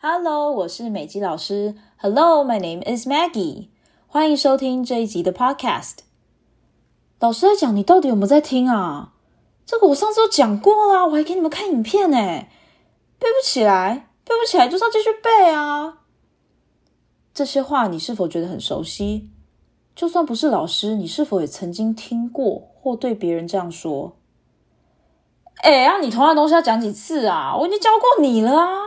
Hello，我是美姬老師。Hello，my name is Maggie。歡迎收聽這一集的 Podcast。老師在講，你到底有沒有在聽啊？這個我上次都講過啦，我還給你們看影片呢。背不起來，背不起來，就是要繼續背啊。這些話你是否覺得很熟悉？就算不是老師，你是否也曾經聽過或對別人這樣說？哎啊，你同樣東西要講幾次啊？我已經教過你了啊。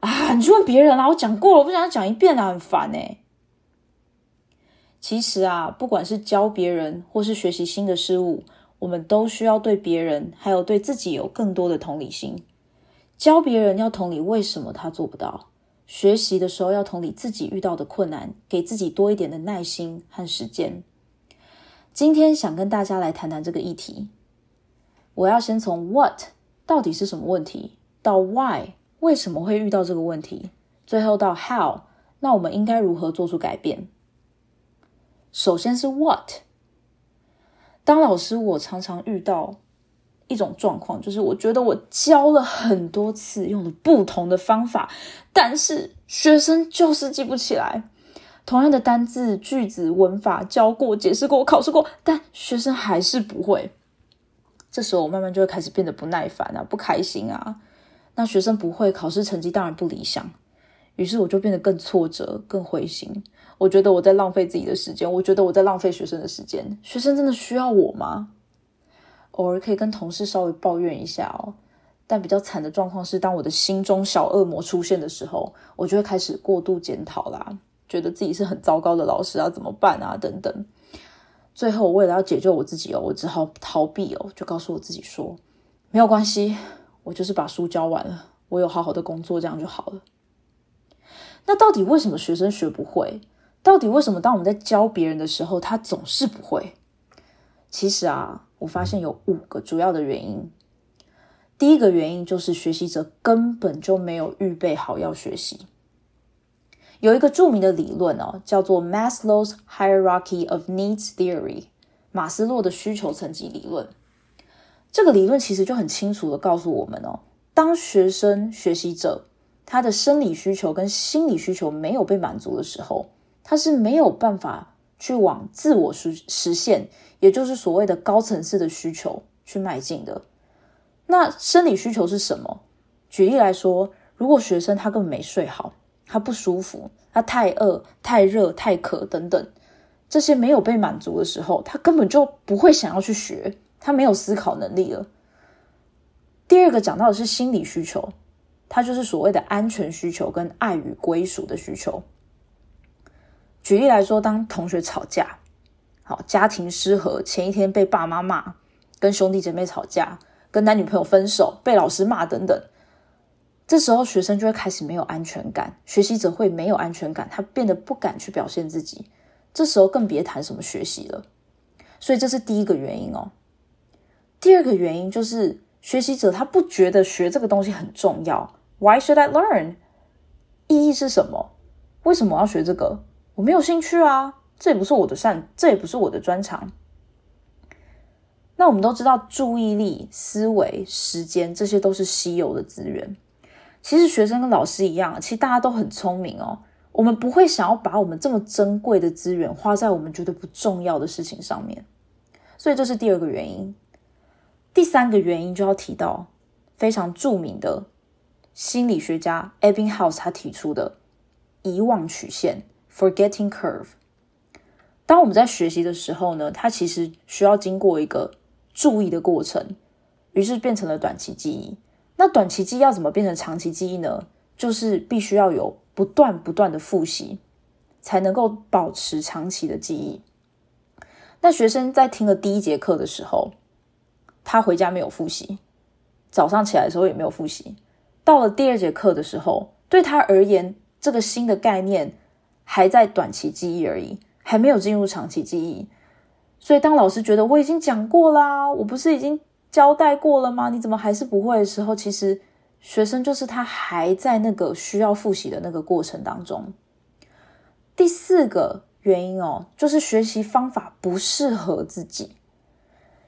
啊！你去問別人啦！啊，我講過了，我不想再講一遍！啦，啊，很煩呢、欸。其實啊，不管是教別人或是學習新的事物，我們都需要對別人還有對自己有更多的同理心。教別人要同理為什麼他做不到，學習的時候要同理自己遇到的困難，給自己多一點的耐心和時間。今天想跟大家來談談這個議題。我要先從 What 到底是什麼問題，到 Why。為什麼會遇到這個問題？最後到 how，那我們應該如何做出改變？首先是 what。當老師我常常遇到一種狀況，就是我覺得我教了很多次，用了不同的方法，但是學生就是記不起來。同樣的單字、句子、文法教過、解釋過、考試過，但學生還是不會。這時候我慢慢就會開始變得不耐煩啊，不開心啊。那學生不會，考試成績當然不理想。於是我就變得更挫折、更灰心。我覺得我在浪費自己的時間，我覺得我在浪費學生的時間。學生真的需要我嗎？偶爾可以跟同事稍微抱怨一下哦。但比較慘的狀況是，當我的心中小惡魔出現的時候，我就會開始過度檢討啦，覺得自己是很糟糕的老師啊，怎麼辦啊，等等。最後我為了要解救我自己哦，我只好逃避哦，就告訴我自己說，沒有關係。我就是把書教完了，我有好好的工作，這樣就好了。那到底為什麼學生學不會？到底為什麼當我們在教別人的時候，他總是不會？其實啊，我發現有五個主要的原因。第一個原因就是學習者根本就沒有預備好要學習。有一個著名的理論哦、啊，叫做 Maslow's Hierarchy of Needs Theory，馬斯洛的需求層級理論。這個理論其實就很清楚的告訴我們哦，當學生學習者他的生理需求跟心理需求沒有被滿足的時候，他是沒有辦法去往自我實實現，也就是所謂的高層次的需求去邁進的。那生理需求是什麼？舉例來說，如果學生他根本沒睡好，他不舒服，他太餓、太熱、太渴等等，這些沒有被滿足的時候，他根本就不會想要去學。他沒有思考能力了。第二個講到的是心理需求，它就是所謂的安全需求跟愛與歸屬的需求。舉例來說，當同學吵架、好、家庭失和、前一天被爸媽罵、跟兄弟姐妹吵架、跟男女朋友分手、被老師罵等等，這時候學生就會開始沒有安全感，學習者會沒有安全感，他變得不敢去表現自己。這時候更別談什麼學習了。所以這是第一個原因哦。第二個原因就是，學習者他不覺得學這個東西很重要。Why should I learn？意義是什麼？為什麼我要學這個？我沒有興趣啊，這也不是我的擅，這也不是我的專長。那我們都知道，注意力、思維、時間，這些都是稀有的資源。其實學生跟老師一樣，其實大家都很聰明哦。我們不會想要把我們這麼珍貴的資源花在我們覺得不重要的事情上面。所以這是第二個原因。第三個原因就要提到非常著名的心理學家 Ebbinghaus，他提出的遺忘曲線 （forgetting curve）。當我們在學習的時候呢，它其實需要經過一個注意的過程，於是變成了短期記憶。那短期記憶要怎麼變成長期記憶呢？就是必須要有不斷不斷的複習，才能夠保持長期的記憶。那學生在聽了第一節課的時候。他回家沒有複習，早上起來的時候也沒有複習。到了第二節課的時候，對他而言，這個新的概念還在短期記憶而已，還沒有進入長期記憶。所以當老師覺得我已經講過啦，我不是已經交代過了嗎？你怎麼還是不會的時候，其實學生就是他還在那個需要複習的那個過程當中。第四個原因哦，就是學習方法不適合自己。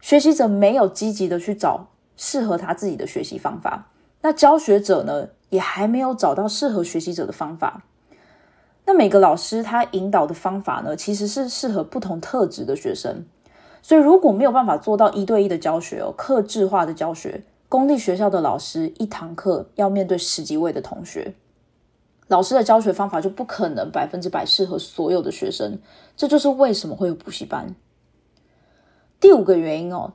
學習者沒有積極的去找適合他自己的學習方法，那教學者呢，也還沒有找到適合學習者的方法。那每個老師他引導的方法呢，其實是適合不同特質的學生。所以，如果沒有辦法做到一對一的教學哦，客製化的教學，公立學校的老師一堂課要面對十幾位的同學，老師的教學方法就不可能百分之百適合所有的學生。這就是為什麼會有補習班。第五個原因哦，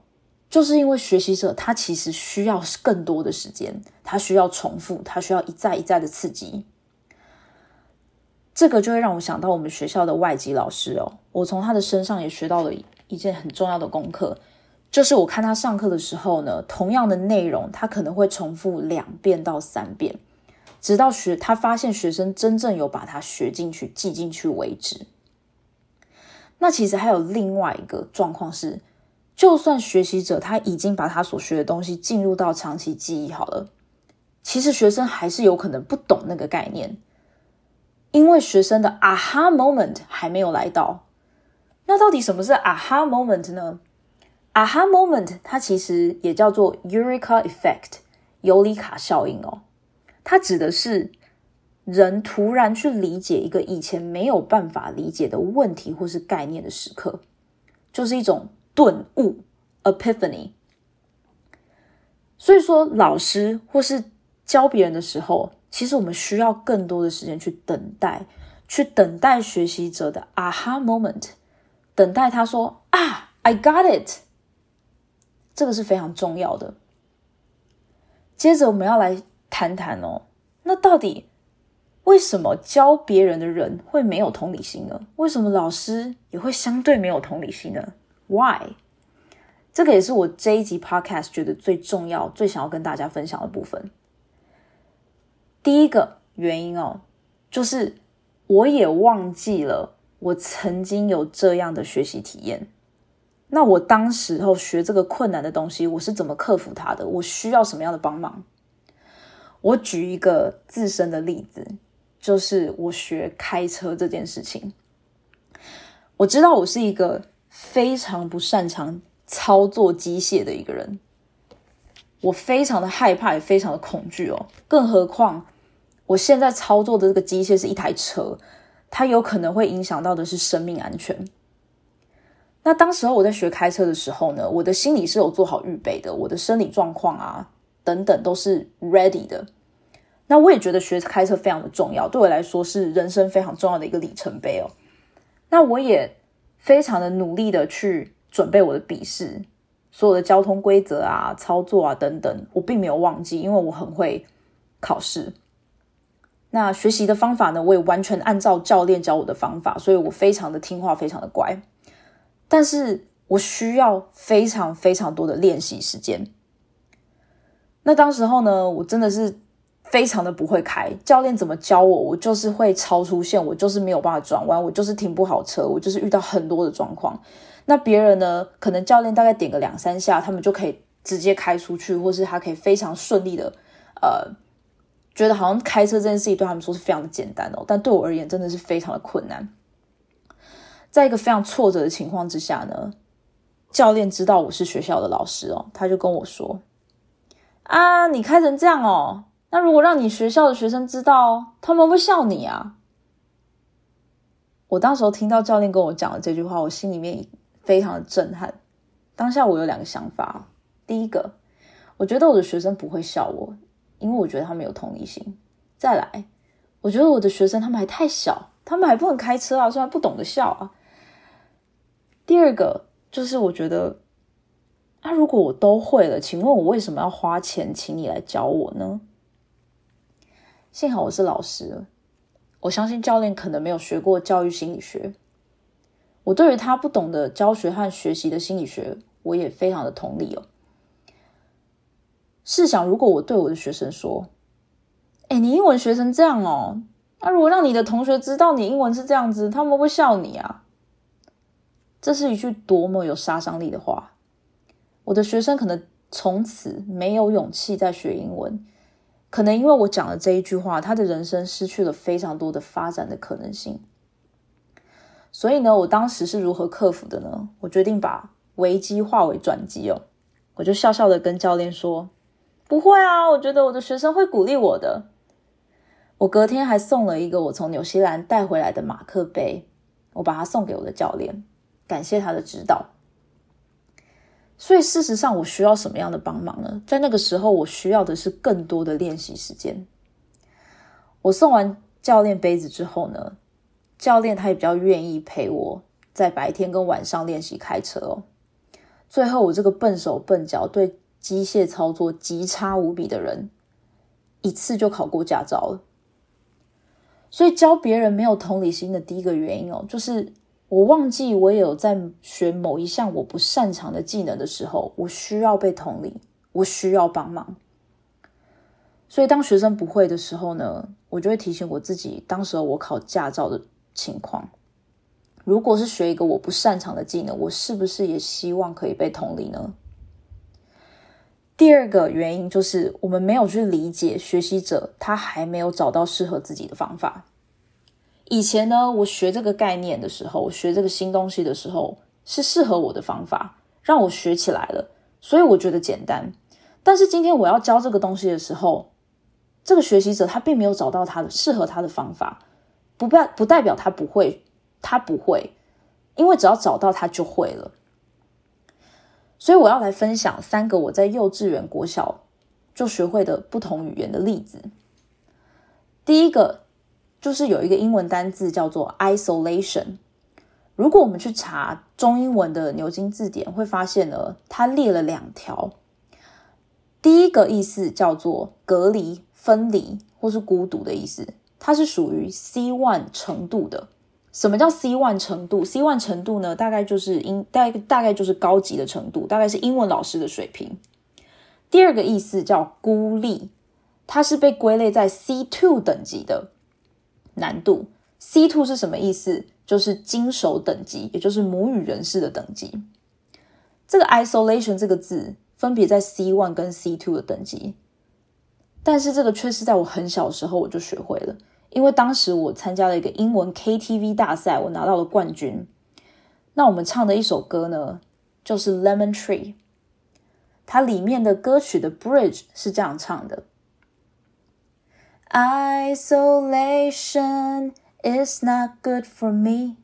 就是因為學習者他其實需要更多的時間，他需要重複，他需要一再一再的刺激。這個就會讓我想到我們學校的外籍老師哦，我從他的身上也學到了一件很重要的功課，就是我看他上課的時候呢，同樣的內容他可能會重複兩遍到三遍，直到學他發現學生真正有把它學進去、記進去為止。那其實還有另外一個狀況是。就算學習者他已經把他所學的東西進入到長期記憶好了，其實學生還是有可能不懂那個概念，因為學生的 aha moment 還沒有來到。那到底什麼是 aha moment 呢？aha moment 它其實也叫做 Eureka effect 尤里卡效應哦，它指的是人突然去理解一個以前沒有辦法理解的問題或是概念的時刻，就是一種。頓悟，epiphany。所以說，老師或是教別人的時候，其實我們需要更多的時間去等待，去等待學習者的 aha moment，等待他說啊，I got it。這個是非常重要的。接着，我們要來談談哦，那到底為什麼教別人的人會沒有同理心呢？為什麼老師也會相對沒有同理心呢？Why？這個也是我這一集 Podcast 覺得最重要、最想要跟大家分享的部分。第一個原因哦，就是我也忘記了我曾經有這樣的學習體驗。那我當時候學這個困難的東西，我是怎麼克服它的？我需要什麼樣的幫忙？我舉一個自身的例子，就是我學開車這件事情。我知道我是一個。非常不擅長操作機械的一個人，我非常的害怕，也非常的恐懼哦。更何況，我現在操作的這個機械是一台車，它有可能會影響到的是生命安全。那當時候我在學開車的時候呢，我的心理是有做好預備的，我的生理狀況啊等等都是 ready 的。那我也覺得學開車非常的重要，對我來說是人生非常重要的一個里程碑哦。那我也。非常的努力的去準備我的筆試，所有的交通規則啊、操作啊等等，我並沒有忘記，因為我很會考試。那學習的方法呢，我也完全按照教練教我的方法，所以我非常的聽話，非常的乖。但是我需要非常非常多的練習時間。那當時候呢，我真的是。非常的不會開，教練怎麼教我，我就是會超出線，我就是沒有辦法轉彎，我就是停不好車，我就是遇到很多的狀況。那別人呢？可能教練大概點個兩三下，他們就可以直接開出去，或是他可以非常順利的，呃，覺得好像開車這件事情對他們說是非常的簡單哦。但對我而言，真的是非常的困難。在一個非常挫折的情況之下呢，教練知道我是學校的老師哦，他就跟我說：“啊，你開成這樣哦。”那、啊、如果讓你學校的學生知道，他們會笑你啊！我當時候聽到教練跟我講的這句話，我心裡面非常的震撼。當下我有兩個想法：第一個，我覺得我的學生不會笑我，因為我覺得他們有同理心；再來，我覺得我的學生他們還太小，他們還不能開車啊，雖然不懂得笑啊。第二個就是，我覺得，那、啊、如果我都會了，請問我為什麼要花錢請你來教我呢？幸好我是老師，我相信教練可能沒有學過教育心理學。我對於他不懂得教學和學習的心理學，我也非常的同理哦。試想，如果我對我的學生說：“哎、欸，你英文學成這樣哦，那、啊、如果讓你的同學知道你英文是這樣子，他們會笑你啊！”這是一句多麼有殺傷力的話。我的學生可能從此沒有勇氣再學英文。可能因為我講了這一句話，他的人生失去了非常多的發展的可能性。所以呢，我當時是如何克服的呢？我決定把危機化為轉機哦，我就笑笑的跟教練說：“不會啊，我覺得我的學生會鼓勵我的。”我隔天還送了一個我從紐西蘭帶回來的馬克杯，我把它送給我的教練，感謝他的指導。所以事實上，我需要什麼樣的幫忙呢？在那個時候，我需要的是更多的練習時間。我送完教練杯子之後呢，教練他也比較願意陪我在白天跟晚上練習開車哦。最後，我這個笨手笨腳、對機械操作極差無比的人，一次就考過駕照了。所以教別人沒有同理心的第一個原因哦，就是。我忘記我也有在學某一項我不擅長的技能的時候，我需要被同理，我需要幫忙。所以當學生不會的時候呢，我就會提醒我自己，當時我考駕照的情況。如果是學一個我不擅長的技能，我是不是也希望可以被同理呢？第二個原因就是我們沒有去理解學習者，他還沒有找到適合自己的方法。以前呢，我學這個概念的時候，學這個新東西的時候，是適合我的方法，讓我學起來了，所以我覺得簡單。但是今天我要教這個東西的時候，這個學習者他並沒有找到他的，適合他的方法，不代不代表他不會，他不會，因為只要找到他就會了。所以我要來分享三個我在幼稚園、國小就學會的不同語言的例子。第一個。就是有一個英文單字叫做 isolation。如果我們去查中英文的牛津字典，會發現呢，它列了兩條。第一個意思叫做隔離、分離或是孤獨的意思，它是屬於 C one 程度的。什麼叫 C one 程度？C one 程度呢，大概就是英，大概大概就是高級的程度，大概是英文老師的水平。第二個意思叫孤立，它是被歸類在 C two 等級的。難度 C two 是什麼意思？就是精熟等級，也就是母語人士的等級。這個 isolation 這個字分別在 C one 跟 C two 的等級，但是這個卻是在我很小的時候我就學會了，因為當時我參加了一個英文 K T V 大賽，我拿到了冠軍。那我們唱的一首歌呢，就是 Lemon Tree，它裡面的歌曲的 Bridge 是這樣唱的。Isolation is not good for me.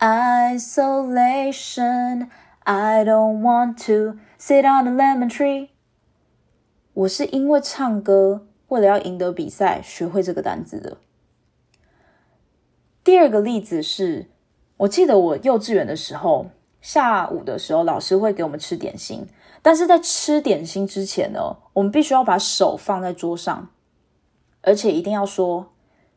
Isolation, I don't want to sit on a lemon tree. 我是因為唱歌，為了要贏得比賽，學會這個單詞的。第二個例子是，我記得我幼稚園的時候，下午的時候老師會給我們吃點心，但是在吃點心之前呢，我們必須要把手放在桌上。而且一定要說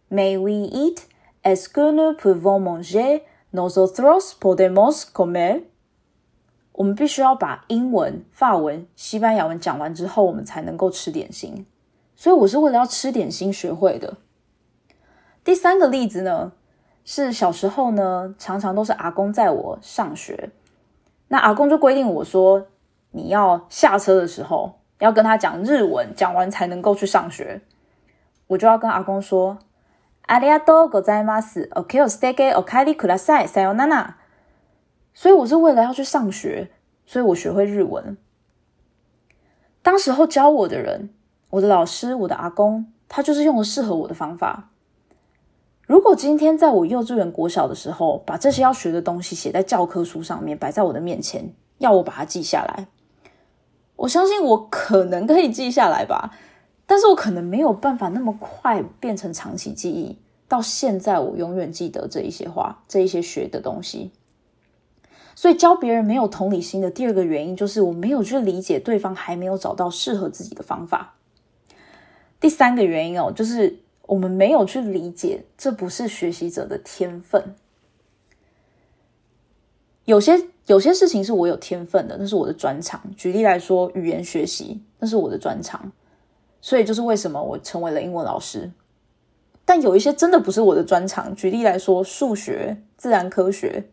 ，May we eat? Est-ce que nous pouvons manger? Nosotros podemos comer? 我們必須要把英文、法文、西班牙文講完之後，我們才能夠吃點心。所以我是為了要吃點心學會的。第三個例子呢，是小時候呢，常常都是阿公載我上學，那阿公就規定我說，你要下車的時候，要跟他講日文，講完才能夠去上學。我就要跟阿公說，ありがとうございます，所以我是為了要去上學，所以我學會日文。當時候教我的人，我的老師，我的阿公，他就是用了適合我的方法。如果今天在我幼稚園、國小的時候，把這些要學的東西寫在教科書上面，擺在我的面前，要我把它記下來，我相信我可能可以記下來吧。但是我可能沒有辦法那麼快變成長期記憶。到現在，我永遠記得這一些話，這一些學的東西。所以教別人沒有同理心的第二個原因就是我沒有去理解對方還沒有找到適合自己的方法。第三個原因哦，就是我們沒有去理解，這不是學習者的天分。有些，有些事情是我有天分的，那是我的專長。舉例來說，語言學習，那是我的專長。所以就是為什麼我成為了英文老師，但有一些真的不是我的專長。舉例來說，數學、自然科學，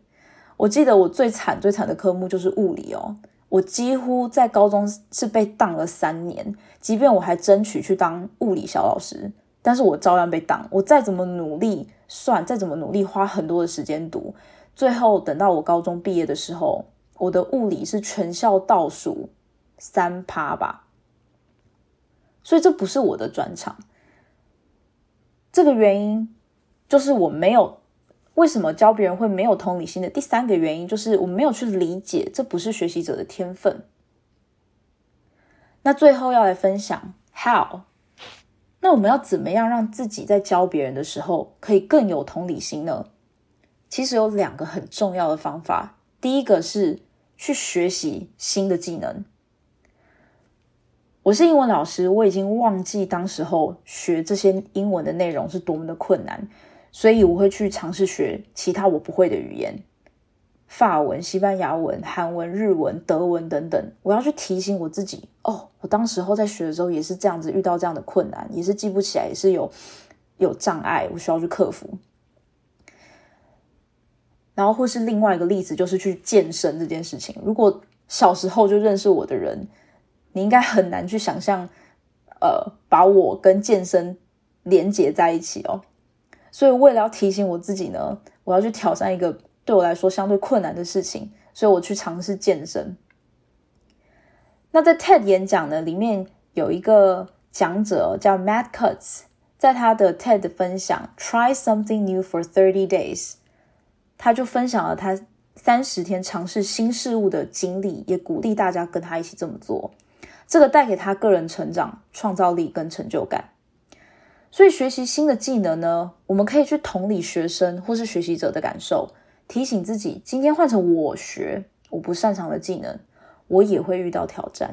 我記得我最慘、最慘的科目就是物理哦。我幾乎在高中是被當了三年，即便我還爭取去當物理小老師，但是我照樣被當。我再怎麼努力算，再怎麼努力花很多的時間讀，最後等到我高中畢業的時候，我的物理是全校倒數三趴吧。所以這不是我的專長。這個原因就是我沒有，為什麼教別人會沒有同理心的第三個原因就是我沒有去理解這不是學習者的天分。那最後要來分享 how，那我們要怎麼樣讓自己在教別人的時候可以更有同理心呢？其實有兩個很重要的方法，第一個是去學習新的技能。我是英文老師，我已經忘記當時候學這些英文的內容是多麼的困難，所以我會去嘗試學其他我不會的語言，法文、西班牙文、韓文、日文、德文等等。我要去提醒我自己，哦，我當時候在學的時候也是這樣子，遇到這樣的困難，也是記不起來，也是有有障礙，我需要去克服。然後或是另外一個例子，就是去健身這件事情。如果小時候就認識我的人，你應該很難去想象，呃，把我跟健身連接在一起哦。所以，為了要提醒我自己呢，我要去挑戰一個對我來說相對困難的事情，所以我去嘗試健身。那在 TED 演講呢，裡面有一個講者叫 Matt Cutts，在他的 TED 分享 “Try Something New for Thirty Days”，他就分享了他三十天嘗試新事物的經歷，也鼓勵大家跟他一起這麼做。這個帶給他個人成長、創造力跟成就感。所以學習新的技能呢，我們可以去同理學生或是學習者的感受，提醒自己，今天換成我學我不擅長的技能，我也會遇到挑戰。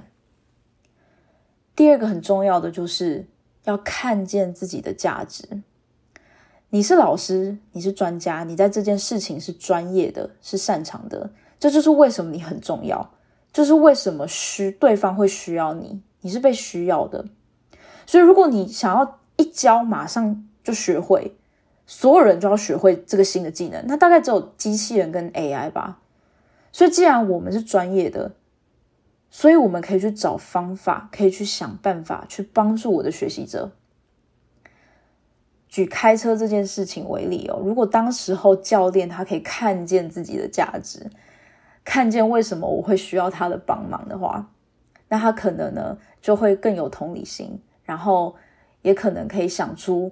第二個很重要的就是要看見自己的價值。你是老師，你是專家，你在這件事情是專業的，是擅長的，這就是為什麼你很重要。就是為什麼需對方會需要你，你是被需要的。所以，如果你想要一教馬上就學會，所有人就要學會這個新的技能，那大概只有機器人跟 AI 吧。所以，既然我們是專業的，所以我們可以去找方法，可以去想辦法去幫助我的學習者。舉開車這件事情為例哦，如果當時候教練他可以看見自己的價值。看見為什麼我會需要他的幫忙的話，那他可能呢就會更有同理心，然後也可能可以想出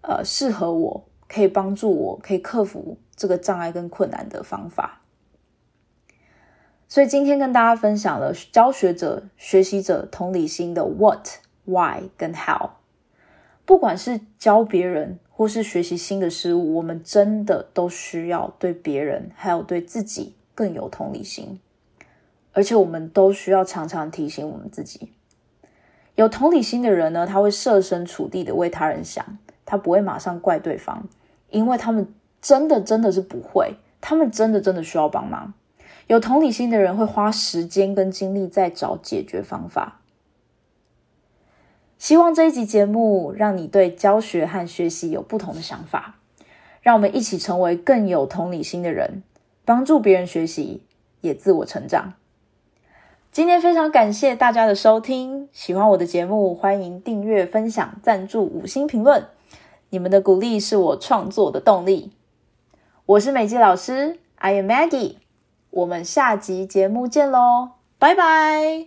呃適合我可以幫助我可以克服這個障礙跟困難的方法。所以今天跟大家分享了教學者、學習者同理心的 What、Why 跟 How。不管是教別人或是學習新的事物，我們真的都需要對別人還有對自己。更有同理心，而且我們都需要常常提醒我們自己。有同理心的人呢，他會設身處地的為他人想，他不會馬上怪對方，因為他們真的真的是不會，他們真的真的需要幫忙。有同理心的人會花時間跟精力在找解決方法。希望這一集節目讓你對教學和學習有不同的想法，讓我們一起成為更有同理心的人。幫助別人學習，也自我成長。今天非常感謝大家的收聽，喜歡我的節目，歡迎訂閱、分享、贊助、五星評論。你們的鼓勵是我創作的動力。我是美姬老師，I am Maggie。我們下集節目見嘍，拜拜。